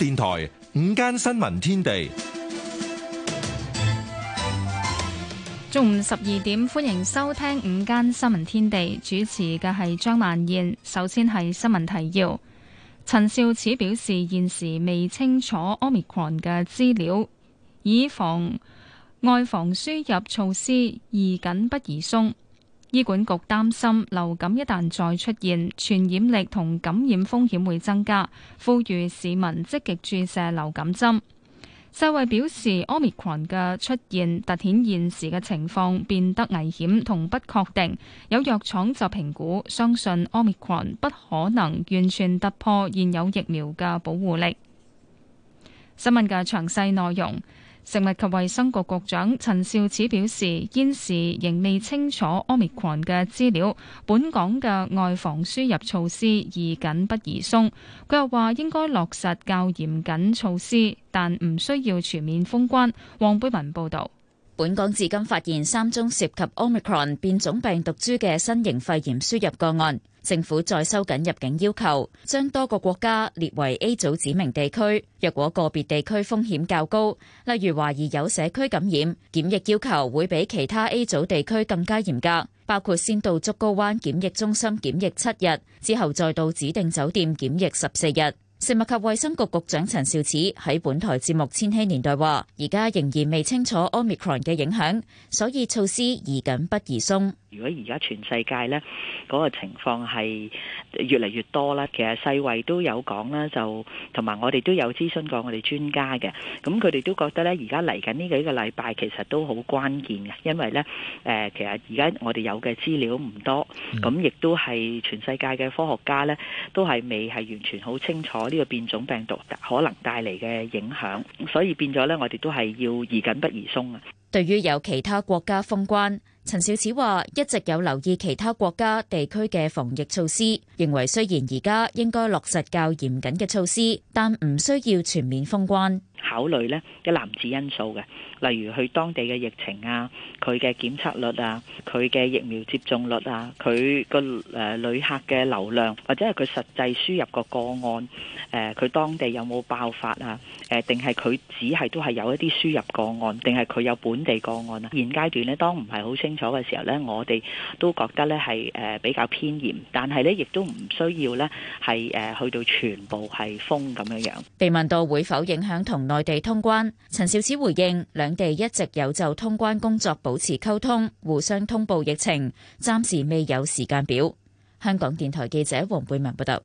電台午間新聞天地，中午十二點，歡迎收聽午間新聞天地。主持嘅係張曼燕。首先係新聞提要，陳肇始表示，現時未清楚 Omicron 嘅資料，以防外防輸入措施宜緊不宜鬆。醫管局擔心流感一旦再出現，傳染力同感染風險會增加，呼籲市民積極注射流感針。世衛表示，Omicron 嘅出現凸顯現時嘅情況變得危險同不確定。有藥廠就評估，相信 Omicron 不可能完全突破現有疫苗嘅保護力。新聞嘅詳細內容。食物及衛生局局長陳肇始表示，現時仍未清楚 Omicron 嘅資料，本港嘅外防輸入措施宜緊不宜鬆。佢又話，應該落實較嚴謹措施，但唔需要全面封關。黃貝文報道。本港至今發現三宗涉及 Omicron 變種病毒株嘅新型肺炎輸入個案，政府再收緊入境要求，將多個國家列為 A 組指明地區。若果個別地區風險較高，例如懷疑有社區感染，檢疫要求會比其他 A 組地區更加嚴格，包括先到竹篙灣檢疫中心檢疫七日，之後再到指定酒店檢疫十四日。食物及衛生局局長陳肇始喺本台節目《千禧年代》話，而家仍然未清楚 Omicron 嘅影響，所以措施宜緊不宜鬆。如果而家全世界呢個情況係越嚟越多啦，其實世衞都有講啦，就同埋我哋都有諮詢過我哋專家嘅，咁佢哋都覺得呢，而家嚟緊呢幾個禮拜其實都好關鍵嘅，因為呢，誒，其實而家我哋有嘅資料唔多，咁亦都係全世界嘅科學家呢，都係未係完全好清楚。呢個變種病毒可能帶嚟嘅影響，所以變咗咧，我哋都係要宜緊不宜鬆啊。對於有其他國家封關，陳肇始話一直有留意其他國家地區嘅防疫措施，認為雖然而家應該落實較嚴謹嘅措施，但唔需要全面封關。考慮呢一臨時因素嘅，例如佢當地嘅疫情啊，佢嘅檢測率啊，佢嘅疫苗接種率啊，佢個誒旅客嘅流量，或者係佢實際輸入個個案，誒佢當地有冇爆發啊？誒定係佢只係都係有一啲輸入個案，定係佢有本地個案啊？現階段呢，當唔係好清楚嘅時候呢，我哋都覺得呢係誒比較偏嚴，但係呢亦都唔需要呢係誒去到全部係封咁樣樣。被問到會否影響同內地通關，陳肇始回應：兩地一直有就通關工作保持溝通，互相通報疫情，暫時未有時間表。香港電台記者黃貝文報道。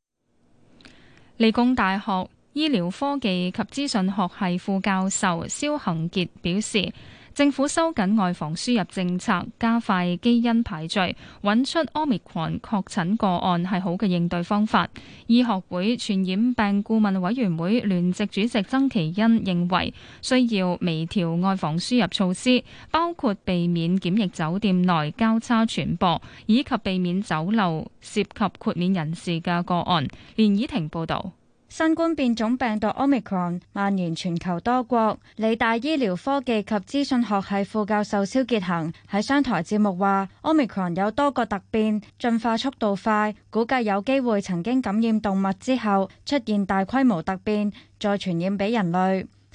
理工大學醫療科技及資訊學系副教授蕭恒傑表示，政府收緊外防輸入政策，加快基因排序，揾出 Omicron 確診個案係好嘅應對方法。醫學會傳染病顧問委員會聯席主席曾其恩認為，需要微調外防輸入措施，包括避免檢疫酒店內交叉傳播，以及避免走漏涉及豁免人士嘅個案。連怡婷報導。新冠變種病毒 Omicron 蔓延全球多國，理大醫療科技及資訊學系副教授蕭傑恒喺商台節目話：Omicron 有多個突變，進化速度快，估計有機會曾經感染動物之後出現大規模突變，再傳染俾人類。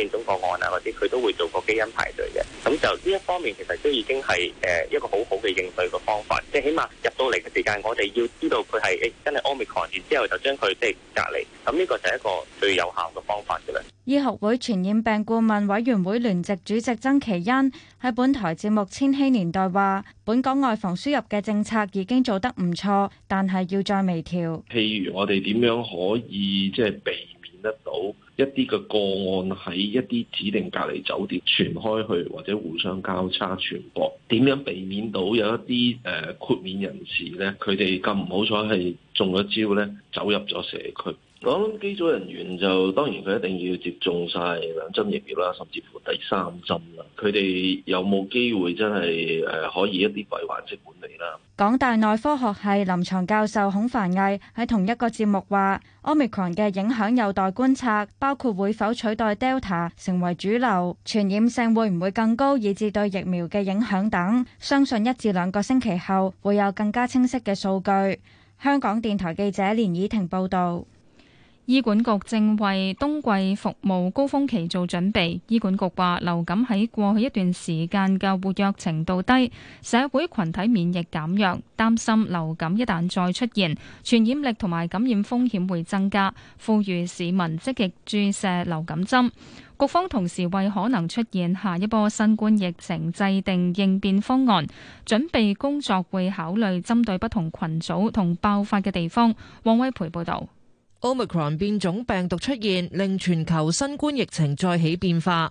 變種個案啊，或者佢都會做個基因排序嘅。咁就呢一方面，其實都已經係誒一個好好嘅應對嘅方法，即係起碼入到嚟嘅時間，我哋要知道佢係誒真係奧密克戎，然之後就將佢即係隔離。咁呢個就係一個最有效嘅方法嘅啦。醫學會傳染病顧問委員會聯席主席曾其恩喺本台節目《千禧年代》話：本港外防輸入嘅政策已經做得唔錯，但係要再微調。譬如我哋點樣可以即係避免得到？一啲嘅個案喺一啲指定隔離酒店傳開去，或者互相交叉傳播，點樣避免到有一啲誒豁免人士咧，佢哋咁唔好彩係中咗招咧，走入咗社區？講機組人員就當然佢一定要接種晒兩針疫苗啦，甚至乎第三針啦。佢哋有冇機會真係誒可以一啲閉環式管理啦？港大內科學系臨床教授孔繁毅喺同一個節目話，Omicron 嘅影響有待觀察，包括會否取代 Delta 成為主流，傳染性會唔會更高，以至對疫苗嘅影響等。相信一至兩個星期後會有更加清晰嘅數據。香港電台記者連以婷報道。醫管局正為冬季服務高峰期做準備。醫管局話，流感喺過去一段時間嘅活躍程度低，社會群體免疫減弱，擔心流感一旦再出現，傳染力同埋感染風險會增加，呼籲市民積極注射流感針。局方同時為可能出現下一波新冠疫情制定應變方案，準備工作會考慮針對不同群組同爆發嘅地方。黃威培報道。Omicron 變種病毒出現，令全球新冠疫情再起變化。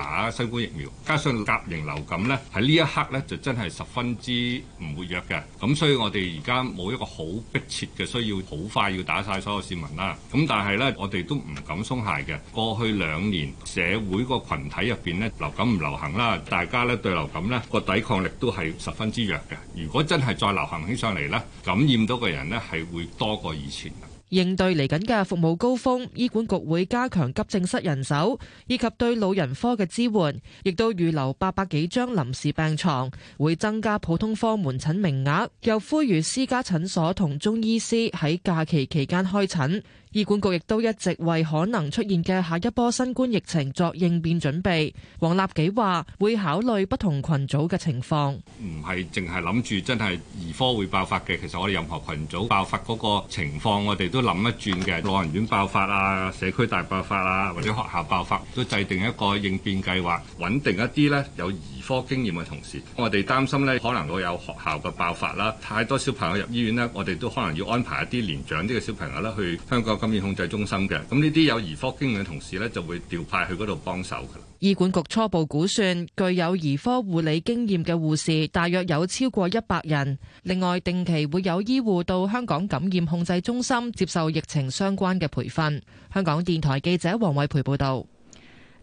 打新冠疫苗，加上甲型流感咧，喺呢一刻咧就真係十分之唔活躍嘅。咁所以我哋而家冇一個好迫切嘅需要，好快要打晒所有市民啦。咁但係咧，我哋都唔敢鬆懈嘅。過去兩年社會個群體入邊咧，流感唔流行啦，大家咧對流感咧個抵抗力都係十分之弱嘅。如果真係再流行起上嚟咧，感染到嘅人咧係會多過以前。應對嚟緊嘅服務高峰，醫管局會加強急症室人手，以及對老人科嘅支援，亦都預留八百幾張臨時病床，會增加普通科門診名額，又呼籲私家診所同中醫師喺假期期間開診。醫管局亦都一直為可能出現嘅下一波新冠疫情作應變準備。黃立己話，會考慮不同群組嘅情況，唔係淨係諗住真係兒科會爆發嘅。其實我哋任何群組爆發嗰個情況，我哋都諗一轉嘅。老人院爆發啊，社區大爆發啊，或者學校爆發，都制定一個應變計劃，穩定一啲呢有兒科經驗嘅同事。我哋擔心呢可能會有學校嘅爆發啦，太多小朋友入醫院咧，我哋都可能要安排一啲年長啲嘅小朋友咧去香港感染控制中心嘅，咁呢啲有兒科經驗嘅同事呢，就會調派去嗰度幫手嘅。醫管局初步估算，具有兒科護理經驗嘅護士大約有超過一百人。另外，定期會有醫護到香港感染控制中心接受疫情相關嘅培訓。香港電台記者黃偉培報道。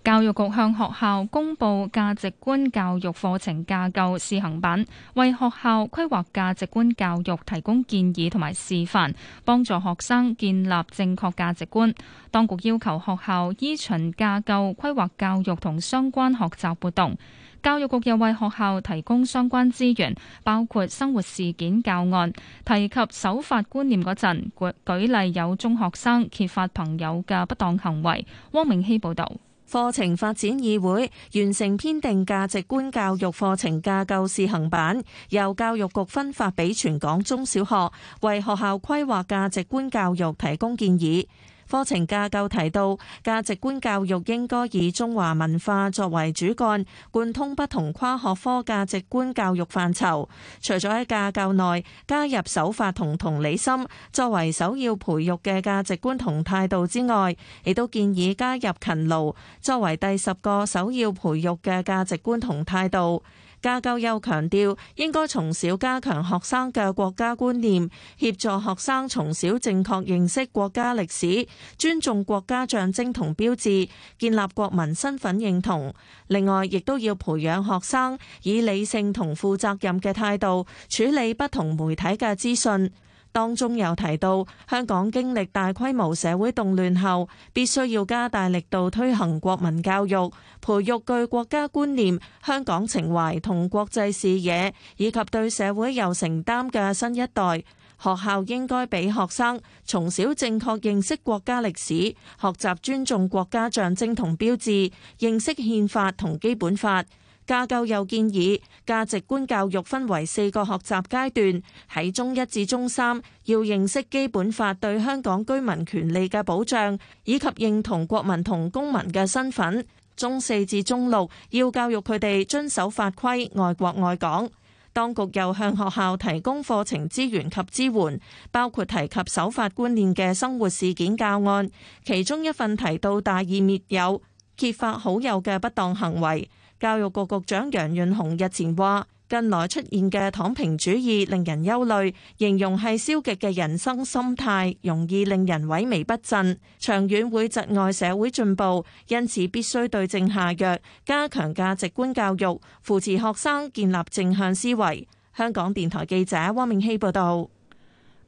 教育局向學校公布價值觀教育課程架構試行版，為學校規劃價值觀教育提供建議同埋示範，幫助學生建立正確價值觀。當局要求學校依循架構規劃教育同相關學習活動。教育局又為學校提供相關資源，包括生活事件教案，提及守法觀念嗰陣，舉例有中學生揭發朋友嘅不當行為。汪明熙報道。課程發展議會完成編定價值觀教育課程架構試行版，由教育局分發俾全港中小學，為學校規劃價值觀教育提供建議。課程架構提到，價值觀教育應該以中華文化作為主幹，貫通不同跨學科價值觀教育範疇。除咗喺架構內加入守法同同理心作為首要培育嘅價值觀同態度之外，亦都建議加入勤勞作為第十個首要培育嘅價值觀同態度。家教又強調，應該從小加強學生嘅國家觀念，協助學生從小正確認識國家歷史，尊重國家象徵同標誌，建立國民身份認同。另外，亦都要培養學生以理性同負責任嘅態度處理不同媒體嘅資訊。當中又提到，香港經歷大規模社會動亂後，必須要加大力度推行國民教育，培育具國家觀念、香港情懷同國際視野以及對社會有承擔嘅新一代。學校應該俾學生從小正確認識國家歷史，學習尊重國家象徵同標誌，認識憲法同基本法。架構又建議價值觀教育分為四個學習階段，喺中一至中三要認識基本法對香港居民權利嘅保障，以及認同國民同公民嘅身份；中四至中六要教育佢哋遵守法規，愛國愛港。當局又向學校提供課程資源及支援，包括提及守法觀念嘅生活事件教案，其中一份提到大義滅友、揭發好友嘅不當行為。教育局局長楊潤雄日前話，近來出現嘅躺平主義令人憂慮，形容係消極嘅人生心態，容易令人萎靡不振，長遠會窒礙社會進步，因此必須對症下藥，加強價值觀教育，扶持學生建立正向思維。香港電台記者汪明希報道。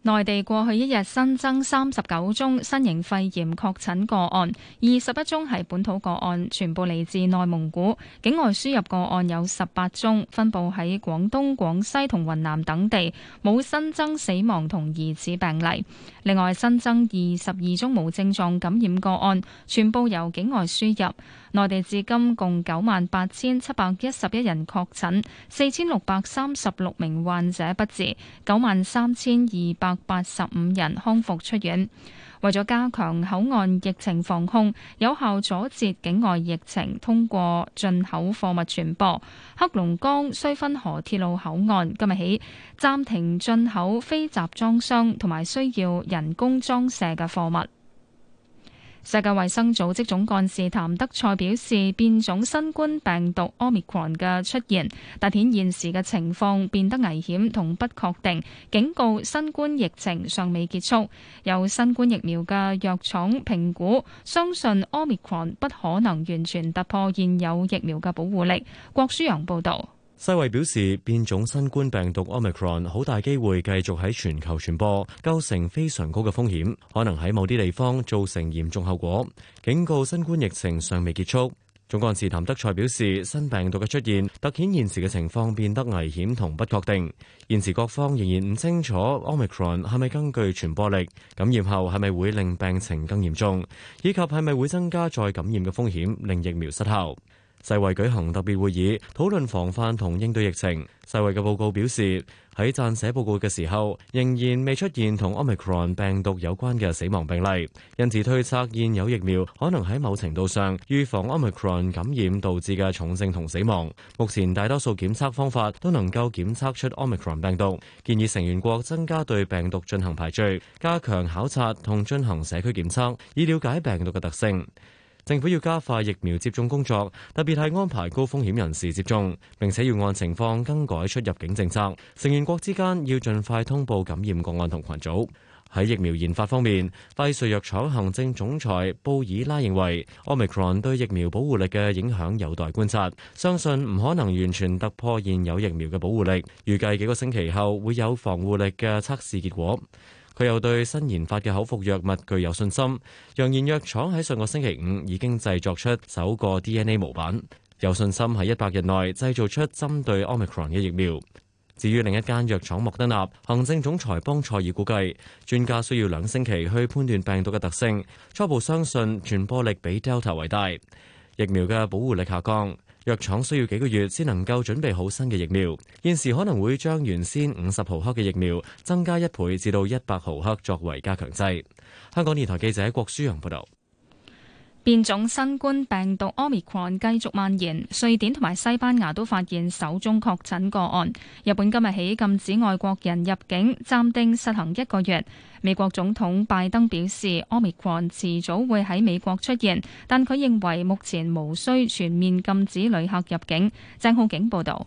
內地過去一日新增三十九宗新型肺炎確診個案，二十一宗係本土個案，全部嚟自內蒙古；境外輸入個案有十八宗，分佈喺廣東、廣西同雲南等地，冇新增死亡同疑似病例。另外新增二十二宗無症狀感染個案，全部由境外輸入。內地至今共九萬八千七百一十一人確診，四千六百三十六名患者不治，九萬三千二百。百八十五人康復出院。為咗加強口岸疫情防控，有效阻截境外疫情通過進口貨物傳播，黑龍江綏芬河鐵路口岸今日起暫停進口非集裝箱同埋需要人工裝卸嘅貨物。世界衛生組織總幹事譚德塞表示，變種新冠病毒 Omicron 嘅出現，凸顯現時嘅情況變得危險同不確定，警告新冠疫情尚未結束。有新冠疫苗嘅藥廠評估，相信 Omicron 不可能完全突破現有疫苗嘅保護力。郭舒陽報導。世衛表示，變種新冠病毒 Omicron 好大機會繼續喺全球傳播，構成非常高嘅風險，可能喺某啲地方造成嚴重後果。警告：新冠疫情尚未結束。總幹事譚德塞表示，新病毒嘅出現，凸顯現時嘅情況變得危險同不確定。現時各方仍然唔清楚 Omicron 係咪根據傳播力，感染後係咪會令病情更嚴重，以及係咪會增加再感染嘅風險，令疫苗失效。世衛舉行特別會議，討論防範同應對疫情。世衛嘅報告表示，喺撰寫報告嘅時候，仍然未出現同 Omicron 病毒有關嘅死亡病例，因此推測現有疫苗可能喺某程度上預防 Omicron 感染導致嘅重症同死亡。目前大多數檢測方法都能夠檢測出 Omicron 病毒，建議成員國增加對病毒進行排序，加強考察同進行社區檢測，以了解病毒嘅特性。政府要加快疫苗接種工作，特別係安排高風險人士接種，並且要按情況更改出入境政策。成員國之間要盡快通報感染個案同群組。喺疫苗研發方面，輝瑞藥廠行政總裁布爾拉認為，Omicron 對疫苗保護力嘅影響有待觀察，相信唔可能完全突破現有疫苗嘅保護力。預計幾個星期後會有防護力嘅測試結果。佢又對新研發嘅口服藥物具有信心，揚言藥廠喺上個星期五已經製作出首個 D N A 模板，有信心喺一百日內製造出針對 Omicron 嘅疫苗。至於另一間藥廠莫德納行政總裁邦塞爾估計，專家需要兩星期去判斷病毒嘅特性，初步相信傳播力比 Delta 為大，疫苗嘅保護力下降。藥廠需要幾個月先能夠準備好新嘅疫苗，現時可能會將原先五十毫克嘅疫苗增加一倍至到一百毫克作為加強劑。香港電台記者郭舒揚報道。變種新冠病毒 Omicron 繼續蔓延，瑞典同埋西班牙都發現首宗確診個案。日本今日起禁止外國人入境，暫定實行一個月。美國總統拜登表示，Omicron 遲早會喺美國出現，但佢認為目前無需全面禁止旅客入境。鄭浩景報導。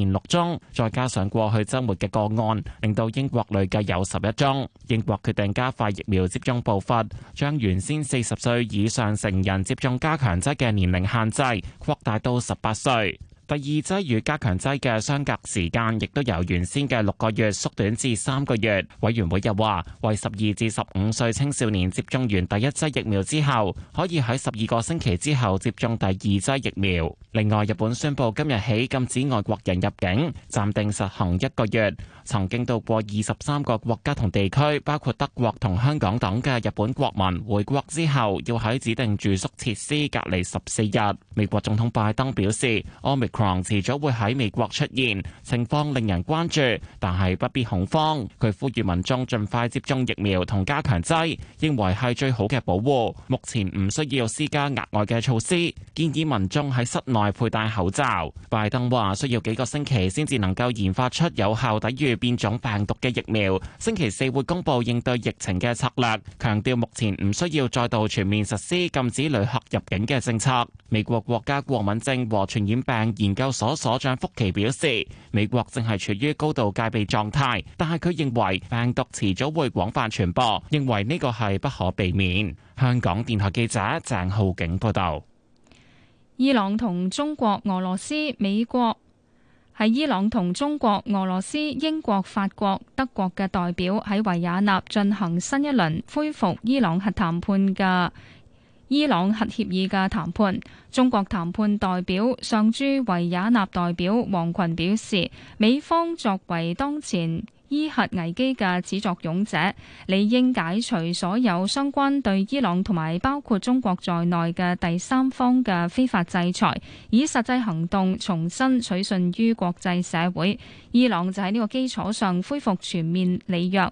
年六宗，再加上過去週末嘅個案，令到英國累計有十一宗。英國決定加快疫苗接種步伐，將原先四十歲以上成人接種加強劑嘅年齡限制擴大到十八歲。第二劑與加強劑嘅相隔時間，亦都由原先嘅六個月縮短至三個月。委員會又話，為十二至十五歲青少年接種完第一劑疫苗之後，可以喺十二個星期之後接種第二劑疫苗。另外，日本宣布今日起禁止外國人入境，暫定實行一個月。曾經到過二十三個國家同地區，包括德國同香港等嘅日本國民回國之後，要喺指定住宿設施隔離十四日。美國總統拜登表示，Omicron 遲早會喺美國出現，情況令人關注，但係不必恐慌。佢呼籲民眾盡快接種疫苗同加強劑，認為係最好嘅保護。目前唔需要施加額外嘅措施，建議民眾喺室內佩戴口罩。拜登話：需要幾個星期先至能夠研發出有效抵禦變種病毒嘅疫苗，星期四會公布應對疫情嘅策略，強調目前唔需要再度全面實施禁止旅客入境嘅政策。美國國家過敏症和傳染病研究所所長福奇表示，美國正係處於高度戒備狀態，但係佢認為病毒遲早會廣泛傳播，認為呢個係不可避免。香港電台記者鄭浩景報道。伊朗同中國、俄羅斯、美國。係伊朗同中國、俄羅斯、英國、法國、德國嘅代表喺維也納進行新一輪恢復伊朗核談判嘅伊朗核協議嘅談判。中國談判代表上駐維也納代表王群表示，美方作為當前，伊核危機嘅始作俑者理應解除所有相關對伊朗同埋包括中國在內嘅第三方嘅非法制裁，以實際行動重新取信於國際社會。伊朗就喺呢個基礎上恢復全面履約。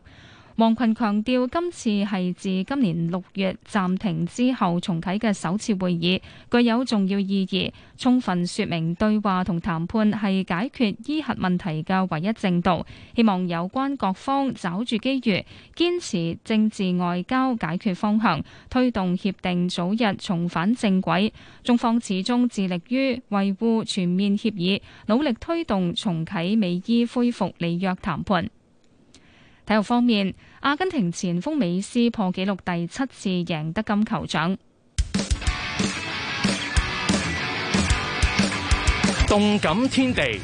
王群強調，今次係自今年六月暫停之後重啟嘅首次會議，具有重要意義，充分説明對話同談判係解決伊核問題嘅唯一正道。希望有關各方抓住機遇，堅持政治外交解決方向，推動協定早日重返正軌。中方始終致力於維護全面協議，努力推動重啟美伊恢復履約談判。體育方面。阿根廷前鋒美斯破紀錄，第七次贏得金球獎。動感天地。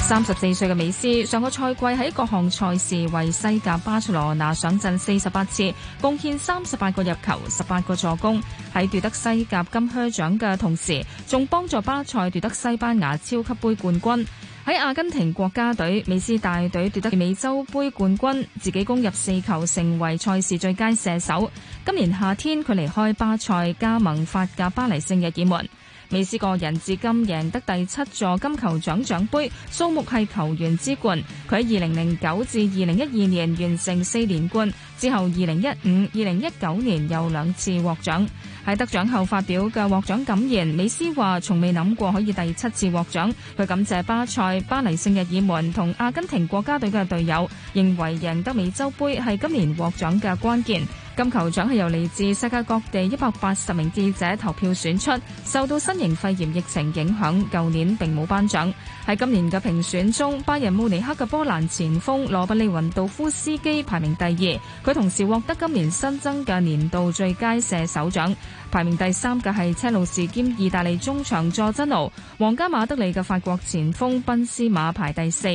三十四歲嘅美斯上個賽季喺各項賽事為西甲巴塞羅那上陣四十八次，貢獻三十八個入球、十八個助攻。喺奪得西甲金靴獎嘅同時，仲幫助巴塞奪得西班牙超級杯冠軍。喺阿根廷國家隊，美斯帶隊奪得美洲杯冠軍，自己攻入四球，成為賽事最佳射手。今年夏天，佢離開巴塞加盟法甲巴黎聖日耳門。美斯個人至今贏得第七座金球獎獎盃，數目係球員之冠。佢喺二零零九至二零一二年完成四連冠，之後二零一五、二零一九年又兩次獲獎。喺得獎後發表嘅獲獎感言，美斯話從未諗過可以第七次獲獎。佢感謝巴塞、巴黎聖日耳門同阿根廷國家隊嘅隊友，認為贏得美洲杯係今年獲獎嘅關鍵。金球獎係由嚟自世界各地一百八十名記者投票選出，受到新型肺炎疫情影響，舊年並冇頒獎。喺今年嘅評選中，拜仁慕尼黑嘅波蘭前鋒羅貝利·雲道夫斯基排名第二，佢同時獲得今年新增嘅年度最佳射手獎。排名第三嘅係車路士兼意大利中場佐真奴，皇家馬德里嘅法國前鋒賓斯馬排第四。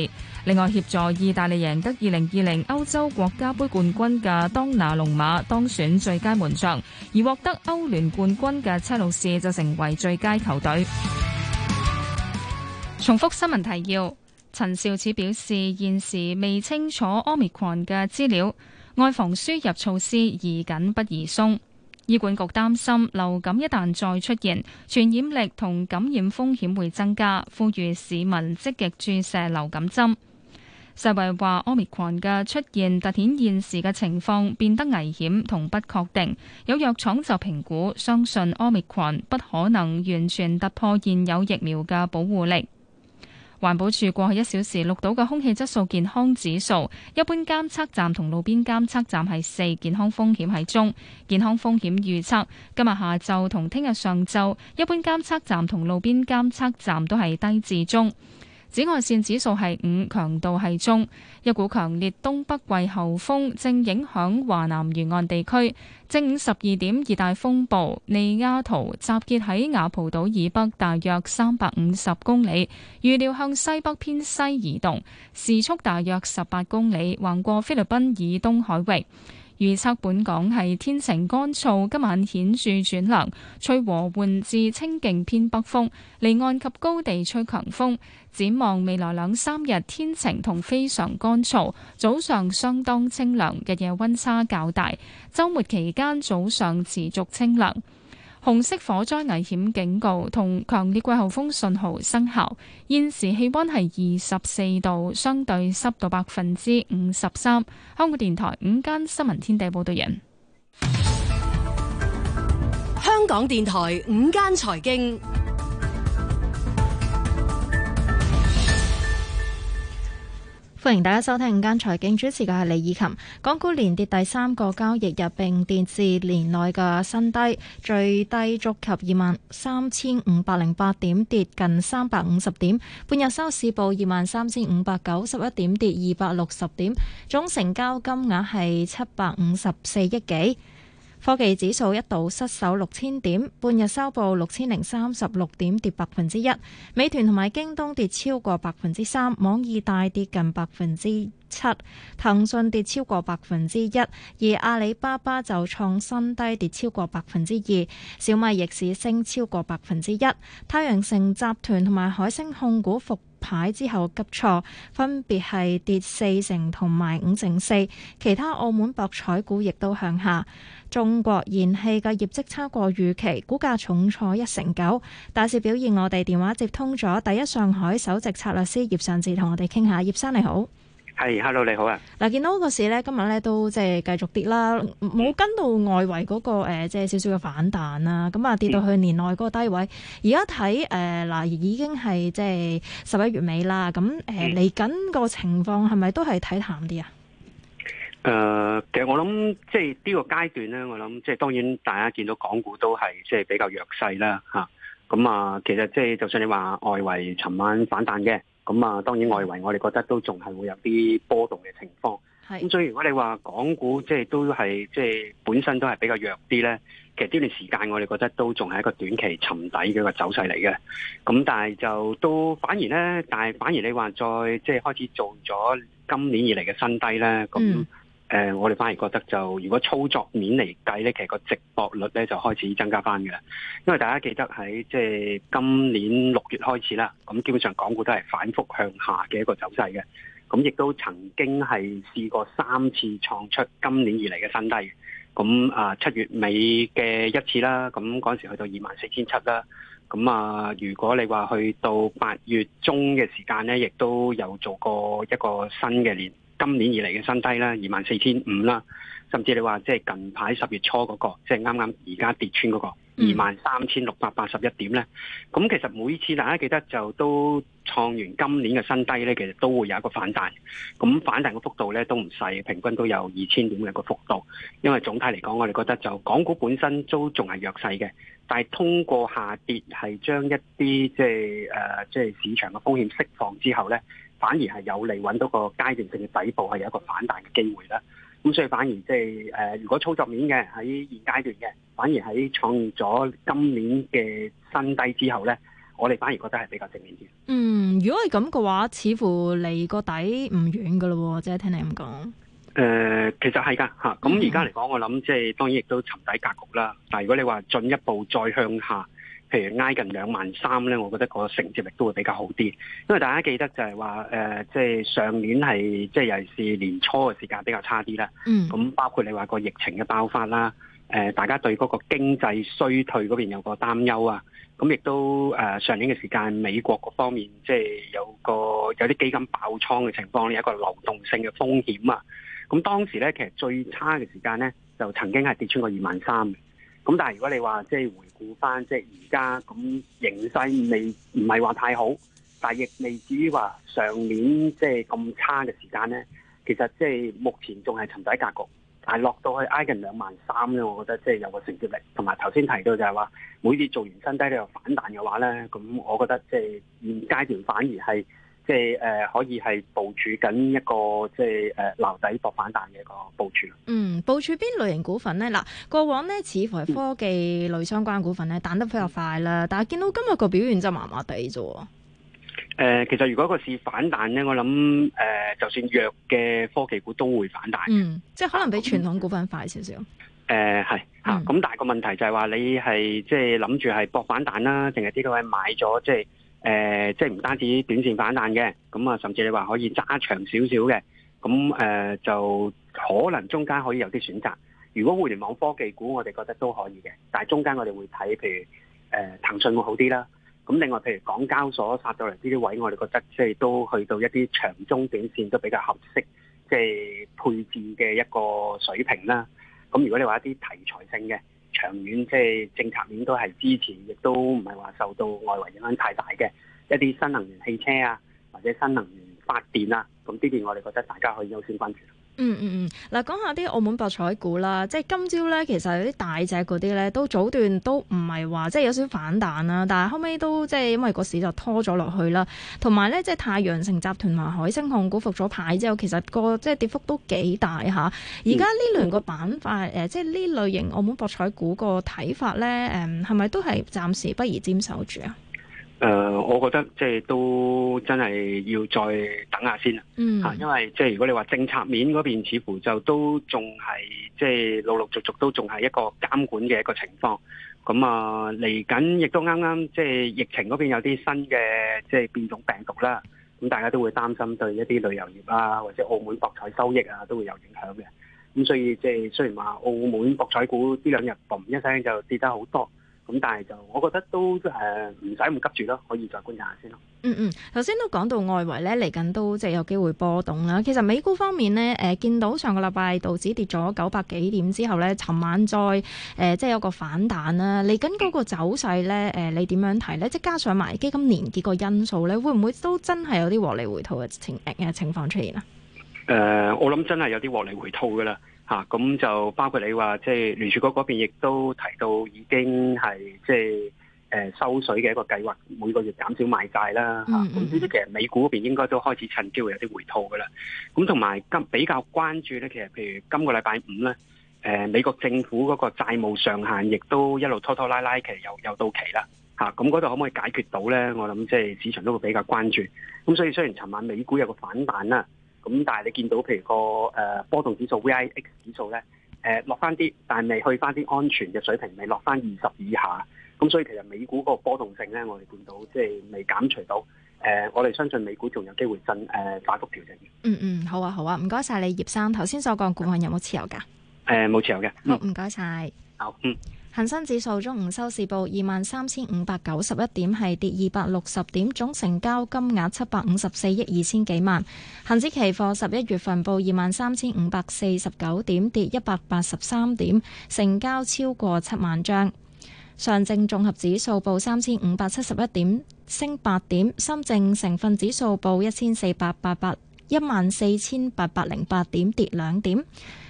另外協助意大利贏得二零二零歐洲國家盃冠軍嘅當拿龍馬。當選最佳門將而獲得歐聯冠軍嘅車路士就成為最佳球隊。重複新聞提要：陳肇始表示，現時未清楚 Omicron 嘅資料，外防輸入措施宜緊不宜鬆。醫管局擔心流感一旦再出現，傳染力同感染風險會增加，呼籲市民積極注射流感針。世衛話，Omicron 嘅出現凸顯現時嘅情況變得危險同不確定。有藥廠就評估，相信 Omicron 不可能完全突破現有疫苗嘅保護力。環保署過去一小時錄到嘅空氣質素健康指數，一般監測站同路邊監測站係四，健康風險係中。健康風險預測，今日下晝同聽日上晝，一般監測站同路邊監測站都係低至中。紫外線指數係五，強度係中。一股強烈東北季候風正影響華南沿岸地區。正午十二點，熱帶風暴利亞圖集結喺雅蒲島以北大約三百五十公里，預料向西北偏西移動，時速大約十八公里，橫過菲律賓以東海域。預測本港係天晴乾燥，今晚顯著轉涼，吹和緩至清勁偏北風，離岸及高地吹強風。展望未來兩三日天晴同非常乾燥，早上相當清涼，日夜温差較大。周末期間早上持續清涼。紅色火災危險警告同強烈季候風信號生效。現時氣溫係二十四度，相對濕度百分之五十三。香港電台午間新聞天地報道人。香港電台午間財經。歡迎大家收聽《午間財經》，主持嘅係、就是、李以琴。港股連跌第三個交易日，並跌至年內嘅新低，最低觸及二萬三千五百零八點，跌近三百五十點。半日收市報二萬三千五百九十一點，跌二百六十點。總成交金額係七百五十四億幾。科技指數一度失守六千點，半日收報六千零三十六點，跌百分之一。美團同埋京東跌超過百分之三，網易大跌近百分之七，騰訊跌超過百分之一，而阿里巴巴就創新低跌超過百分之二，小米逆市升超過百分之一，太陽城集團同埋海星控股復牌之後急挫，分別係跌四成同埋五成四。其他澳門博彩股亦都向下。中國燃氣嘅業績差過預期，股價重挫一成九。大市表現，我哋電話接通咗第一上海首席策略師葉尚志同我哋傾下。葉生你好。係、hey，hello，你好啊！嗱，見到個市咧，今日咧都即係繼續跌啦，冇跟到外圍嗰個誒，即係少少嘅反彈啦。咁啊，跌到去年內嗰個低位。而家睇誒嗱，已經係即係十一月尾啦。咁誒嚟緊個情況係咪都係睇淡啲啊？誒、呃，其實我諗即係呢個階段咧，我諗即係當然大家見到港股都係即係比較弱勢啦。嚇、啊，咁啊，其實即係就算你話外圍尋晚反彈嘅。咁啊，當然外圍我哋覺得都仲係會有啲波動嘅情況。咁是所以如果你話港股即係都係即係本身都係比較弱啲咧，其實呢段時間我哋覺得都仲係一個短期沉底嘅一個走勢嚟嘅。咁但係就都反而咧，但係反而你話再即係開始做咗今年以嚟嘅新低咧，咁、嗯。誒、呃，我哋反而覺得就如果操作面嚟計呢，其實個直播率呢就開始增加翻嘅。因為大家記得喺即係今年六月開始啦，咁基本上港股都係反覆向下嘅一個走勢嘅。咁亦都曾經係試過三次創出今年以嚟嘅新低。咁啊，七月尾嘅一次啦，咁嗰陣時去到二萬四千七啦。咁啊，如果你話去到八月中嘅時間呢，亦都有做過一個新嘅年。今年以嚟嘅新低啦，二萬四千五啦，甚至你話即係近排十月初嗰個，即係啱啱而家跌穿嗰個二萬三千六百八十一點咧。咁其實每次大家記得就都創完今年嘅新低咧，其實都會有一個反彈。咁反彈嘅幅度咧都唔細，平均都有二千點嘅一個幅度。因為總體嚟講，我哋覺得就港股本身都仲係弱勢嘅，但係通過下跌係將一啲即係誒即係市場嘅風險釋放之後咧。反而係有利揾到個階段性嘅底部，係有一個反彈嘅機會啦。咁所以反而即係誒，如果操作面嘅喺現階段嘅，反而喺創咗今年嘅新低之後咧，我哋反而覺得係比較正面啲。嗯，如果係咁嘅話，似乎離個底唔遠噶咯喎，即係聽你咁講。誒、呃，其實係噶嚇。咁而家嚟講，我諗即係當然亦都沉底格局啦。但係如果你話進一步再向下，譬如挨近兩萬三咧，我覺得個承接力都會比較好啲，因為大家記得就係話誒，即、呃、係、就是、上年係即係尤其是年初嘅時間比較差啲啦。嗯。咁包括你話個疫情嘅爆發啦，誒、呃、大家對嗰個經濟衰退嗰邊有個擔憂啊，咁亦都誒、呃、上年嘅時間美國嗰方面即係、就是、有個有啲基金爆倉嘅情況咧，有一個流動性嘅風險啊。咁當時咧其實最差嘅時間咧，就曾經係跌穿過二萬三。咁但係如果你話即係回顧翻即係而家咁形勢未唔係話太好，但係亦未至於話上年即係咁差嘅時間咧。其實即係目前仲係沉底格局，但係落到去挨近兩萬三咧，我覺得即係有個承接力。同埋頭先提到就係話每次做完新低都有反彈嘅話咧，咁我覺得即係現階段反而係。即係誒、呃，可以係部署緊一個即係誒樓底博反彈嘅一個部署。嗯，部署邊類型股份咧？嗱，過往咧似乎係科技類相關股份咧，彈得比較快啦。但係見到今日個表現就麻麻地啫。誒、呃，其實如果個市反彈咧，我諗誒、呃，就算弱嘅科技股都會反彈，嗯啊。嗯，即係可能比傳統股份快少少。誒係、吓，咁、嗯啊、但係個問題就係話你係、就是、即係諗住係博反彈啦，定係啲位買咗即係？誒、呃，即係唔單止短線反彈嘅，咁、嗯、啊，甚至你話可以揸長少少嘅，咁、嗯、誒、呃、就可能中間可以有啲選擇。如果互聯網科技股，我哋覺得都可以嘅，但係中間我哋會睇，譬如誒、呃、騰訊會好啲啦。咁、嗯、另外，譬如港交所殺到嚟呢啲位，我哋覺得即係都去到一啲長中短線都比較合適，即、就、係、是、配置嘅一個水平啦。咁、嗯、如果你話一啲題材性嘅，長遠即係政策面都係支持，亦都唔係話受到外圍影響太大嘅。一啲新能源汽車啊，或者新能源發電啊，咁呢啲我哋覺得大家可以優先關注。嗯嗯嗯，嗱，講下啲澳門博彩股啦，即係今朝咧，其實有啲大隻嗰啲咧，都早段都唔係話即係有少反彈啦，但係後尾都即係因為個市就拖咗落去啦。同埋咧，即係太陽城集團同埋海星控股復咗牌之後，其實個即係跌幅都幾大吓。而家呢兩個板塊誒，嗯、即係呢類型澳門博彩股個睇法咧，誒、嗯，係咪都係暫時不宜沾手住啊？誒、呃，我覺得即係都真係要再等下先啦。嗯，嚇，因為即係如果你話政策面嗰邊，似乎就都仲係即係陸陸續續都仲係一個監管嘅一個情況。咁啊，嚟緊亦都啱啱即係疫情嗰邊有啲新嘅即係變種病毒啦。咁大家都會擔心對一啲旅遊業啊，或者澳門博彩收益啊，都會有影響嘅。咁所以即係雖然話澳門博彩股呢兩日嘣一聲就跌得好多。咁但係就，我覺得都誒唔使咁急住啦，可以再觀察下先咯。嗯嗯，頭先都講到外圍咧，嚟緊都即係有機會波動啦。其實美股方面咧，誒、呃、見到上個禮拜道指跌咗九百幾點之後咧，尋晚再誒、呃、即係有個反彈啦。嚟緊嗰個走勢咧，誒、呃、你點樣睇咧？即係加上埋基金年結個因素咧，會唔會都真係有啲獲利回吐嘅情誒情況出現啊？誒、呃，我諗真係有啲獲利回吐噶啦。啊，咁就包括你話，即係聯儲局嗰邊亦都提到已經係即係誒、呃、收水嘅一個計劃，每個月減少買債啦。吓、啊，咁呢啲其實美股嗰邊應該都開始趁機會有啲回吐噶啦。咁同埋今比較關注咧，其實譬如今個禮拜五咧，誒、呃、美國政府嗰個債務上限亦都一路拖拖拉拉，其實又又到期啦。吓、啊，咁嗰度可唔可以解決到咧？我諗即係市場都會比較關注。咁所以雖然尋晚美股有個反彈啦。咁但係你見到譬如個誒波動指數 VIX 指數咧，誒落翻啲，但係未去翻啲安全嘅水平，未落翻二十以下。咁所以其實美股個波動性咧，我哋見到即係未減除到。誒、呃，我哋相信美股仲有機會震誒大幅調整。呃、嗯嗯，好啊好啊，唔該晒。你，葉生頭先所講股份有冇持有㗎？誒、呃，冇持有嘅。嗯、好，唔該晒。好，嗯。恒生指數中午收市報二萬三千五百九十一點，係跌二百六十點，總成交金額七百五十四億二千幾萬。恒指期貨十一月份報二萬三千五百四十九點，跌一百八十三點，成交超過七萬張。上證綜合指數報三千五百七十一點，升八點。深證成分指數報一千四百八八一萬四千八百零八點，跌兩點。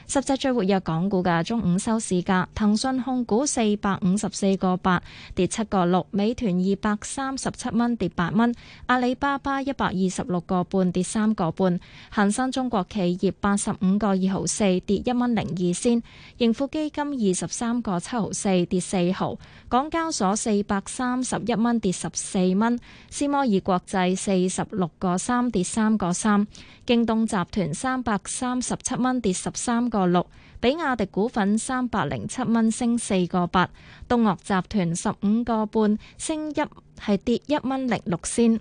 十隻最活躍港股嘅中午收市價：騰訊控股四百五十四個八，跌七個六；美團二百三十七蚊，跌八蚊；阿里巴巴一百二十六個半，跌三個半；恒生中國企業八十五個二毫四，跌一蚊零二仙；盈富基金二十三個七毫四，跌四毫；港交所四百三十一蚊，跌十四蚊；斯摩爾國際四十六個三，跌三個三；京東集團三百三十七蚊，跌十三個六，比亞迪股份三百零七蚊升四個八，東嶽集團十五個半升一係跌一蚊零六先。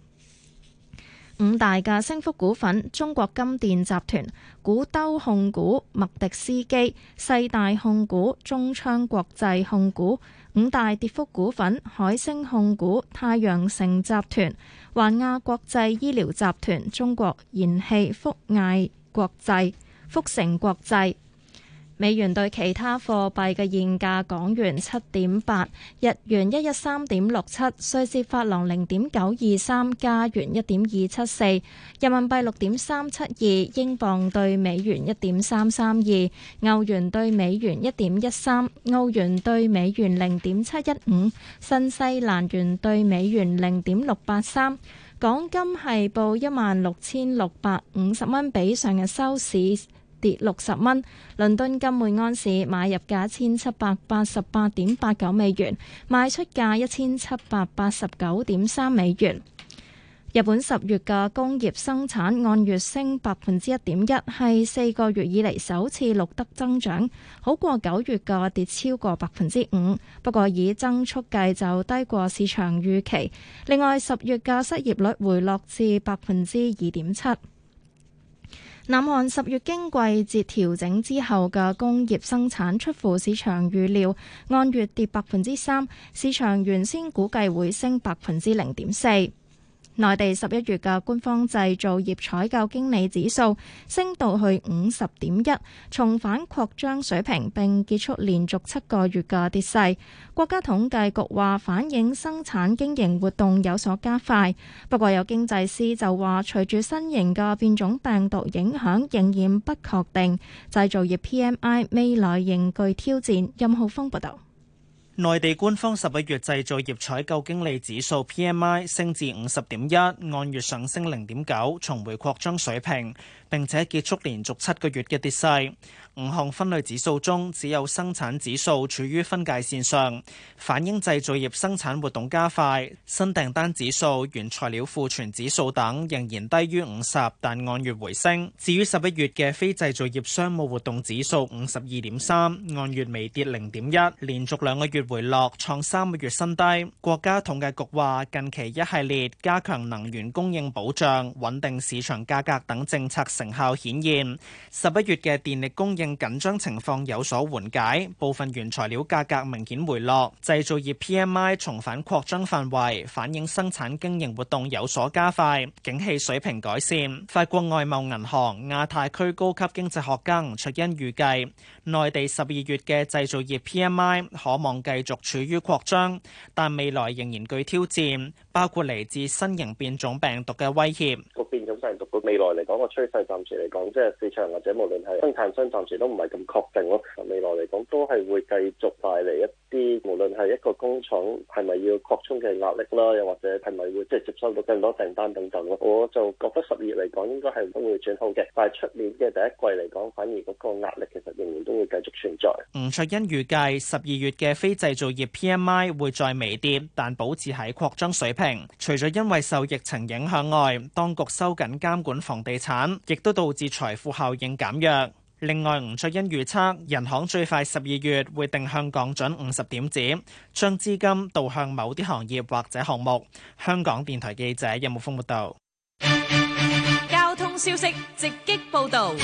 五大價升幅股份：中國金電集團、古兜控股、麥迪斯基、世大控股、中昌國際控股。五大跌幅股份：海星控股、太陽城集團、環亞國際醫療集團、中國燃氣、福艾國際、福成國際。美元兌其他貨幣嘅現價：港元七點八，日元一一三點六七，瑞士法郎零點九二三，加元一點二七四，人民幣六點三七二，英鎊對美元一點三三二，歐元對美元一點一三，澳元對美元零點七一五，新西蘭元對美元零點六八三。港金係報一萬六千六百五十蚊，比上日收市，跌六十蚊。倫敦金每安士買入價一千七百八十八點八九美元，賣出價一千七百八十九點三美元。日本十月嘅工業生產按月升百分之一點一，係四個月以嚟首次錄得增長，好過九月嘅跌超過百分之五。不過以增速計就低過市場預期。另外，十月嘅失業率回落至百分之二點七。南韓十月經季節調整之後嘅工業生產出乎市場預料，按月跌百分之三，市場原先估計會升百分之零點四。內地十一月嘅官方製造業採購經理指數升到去五十點一，重返擴張水平，並結束連續七個月嘅跌勢。國家統計局話反映生產經營活動有所加快，不過有經濟師就話隨住新型嘅變種病毒影響仍然不確定，製造業 PMI 未來仍具挑戰。任浩峰報道。內地官方十一月製造業採購經理指數 PMI 升至五十點一，按月上升零點九，重回擴張水平。並且結束連續七個月嘅跌勢。五項分類指數中，只有生產指數處於分界線上，反映製造業生產活動加快。新訂單指數、原材料庫存指數等仍然低於五十，但按月回升。至於十一月嘅非製造業商務活動指數五十二點三，按月微跌零點一，連續兩個月回落，創三個月新低。國家統計局話，近期一系列加強能源供應保障、穩定市場價格等政策，成效顯現，十一月嘅電力供應緊張情況有所緩解，部分原材料價格明顯回落，製造業 PMI 重返擴張範圍，反映生產經營活動有所加快，景氣水平改善。法國外貿銀行亞太區高級經濟學家吳卓恩預計，內地十二月嘅製造業 PMI 可望繼續處於擴張，但未來仍然具挑戰，包括嚟自新型變種病毒嘅威脅。未來嚟講個趨勢，暫時嚟講，即係市場或者無論係生產商，暫時都唔係咁確定咯。未來嚟講，都係會繼續帶嚟一啲無論係一個工廠係咪要擴充嘅壓力啦，又或者係咪會即係接收到更多訂單等等咯，我就覺得十二月嚟講應該係都會轉好嘅，但係出年嘅第一季嚟講，反而嗰個壓力其實仍然都會繼續存在。吳卓欣預計十二月嘅非製造業 PMI 會再微跌，但保持喺擴張水平。除咗因為受疫情影響外，當局收緊監管房地產，亦都導致財富效應減弱。另外，吳卓欣預測，人行最快十二月會定向降準五十點子，將資金導向某啲行業或者項目。香港電台記者任木峰報道。交通消息直擊報道。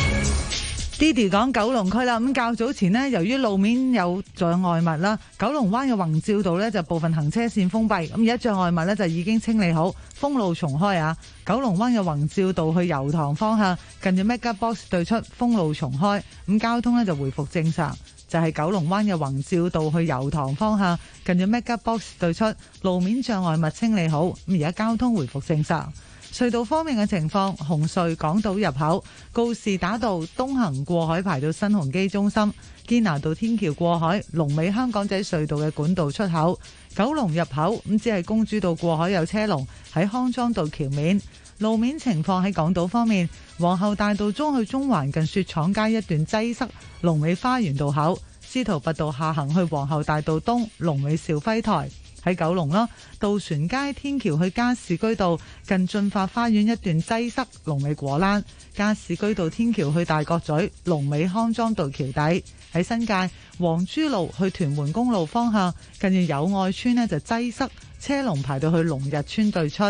Didi 講九龍區啦，咁較早前呢，由於路面有障礙物啦，九龍灣嘅宏照道呢就部分行車線封閉，咁而家障礙物呢就已經清理好，封路重開啊！九龍灣嘅宏照道去油塘方向近住 MegaBox 對出封路重開，咁交通呢就回復正常。就係、是、九龍灣嘅宏照道去油塘方向近住 MegaBox 對出路面障礙物清理好，咁而家交通回復正常。隧道方面嘅情況，紅隧港島入口告士打道東行過海排到新鴻基中心，堅拿道天橋過海，龍尾香港仔隧道嘅管道出口，九龍入口咁只係公主道過海有車龍，喺康莊道橋面路面情況喺港島方面，皇后大道中去中環近雪廠街一段擠塞，龍尾花園道口，司徒拔道下行去皇后大道東龍尾兆輝台。喺九龍啦，渡船街天橋去加士居道近駿發花園一段擠塞，龍尾果欄；加士居道天橋去大角咀，龍尾康莊道橋底。喺新界，皇珠路去屯門公路方向，近住友愛邨呢就擠塞，車龍排到去龍日邨對出。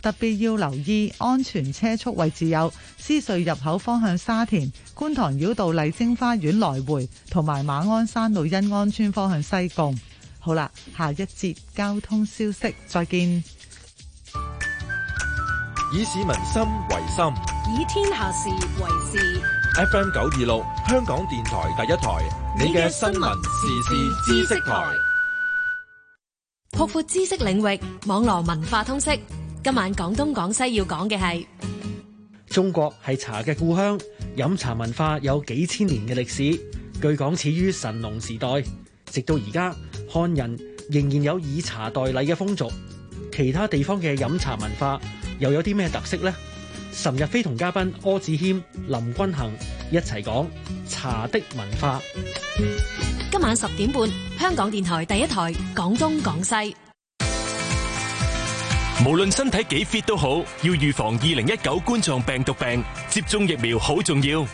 特別要留意安全車速位置有：獅隧入口方向沙田觀塘繞道麗晶花園來回，同埋馬鞍山路欣安邨方向西貢。好啦，下一節交通消息，再見。以市民心為心，以天下事為事。FM 九二六，香港電台第一台，你嘅新聞時事知，知識台，擴闊知識領域，網絡文化通識。今晚廣東廣西要講嘅係，中國係茶嘅故鄉，飲茶文化有幾千年嘅歷史，據講始於神農時代。直到而家，漢人仍然有以茶代禮嘅風俗。其他地方嘅飲茶文化又有啲咩特色呢？岑日飛同嘉賓柯志謙、林君衡一齊講茶的文化。今晚十點半，香港電台第一台講東講西。無論身體幾 fit 都好，要預防二零一九冠狀病毒病，接種疫苗好重要。